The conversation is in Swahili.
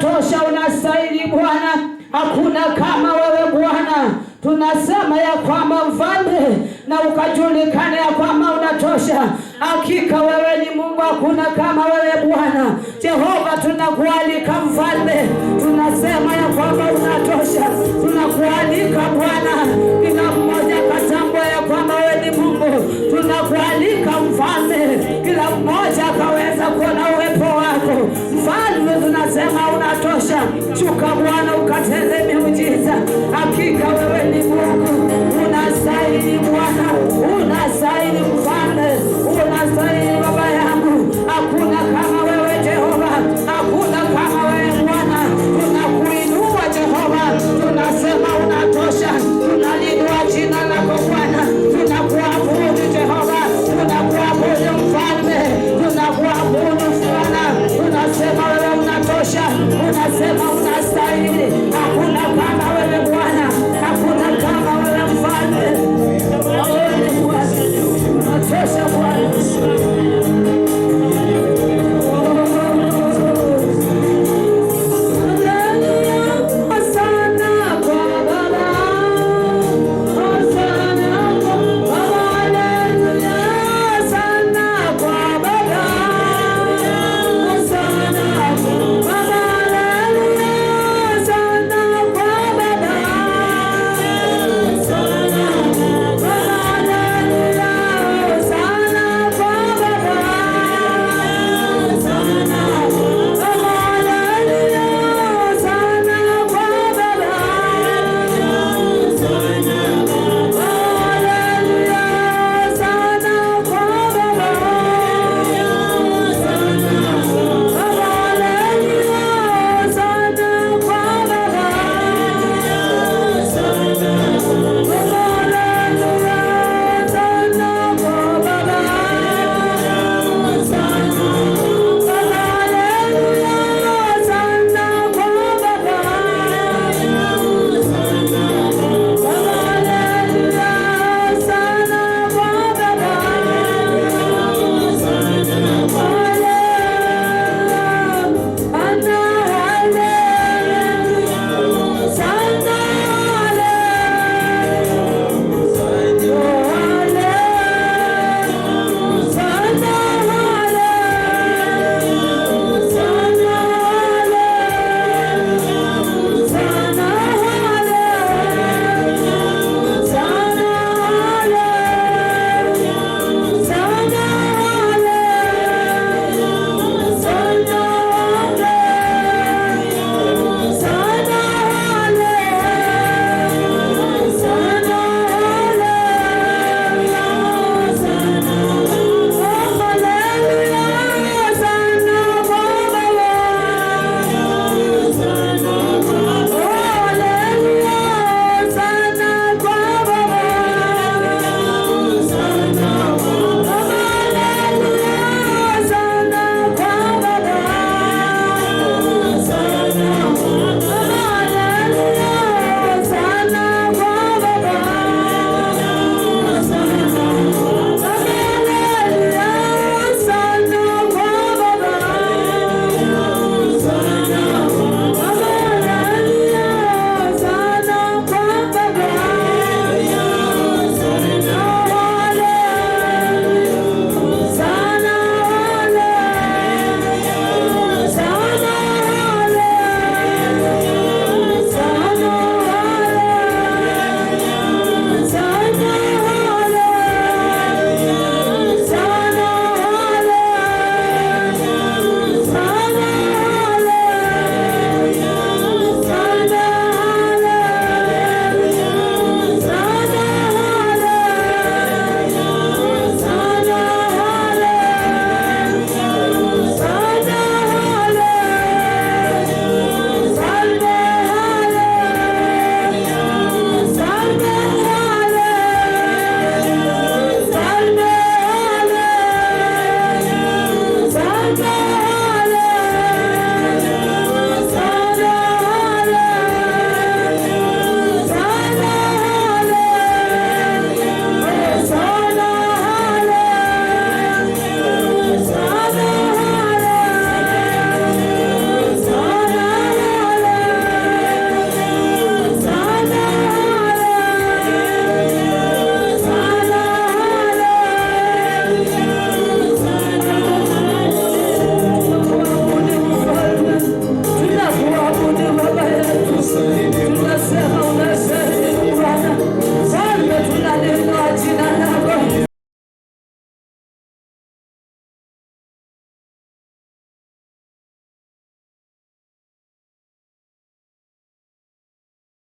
unatosha, unastahili Bwana, hakuna kama wewe Bwana. Tunasema ya kwamba mfalme, na ukajulikana ya kwamba unatosha. Hakika wewe ni Mungu, hakuna kama wewe Bwana Jehova. Tunakualika mfalme, tunasema ya kwamba unatosha, tunakualika Bwana, kila mmoja Shuka Bwana ukatende miujiza, hakika wewe ni Mungu.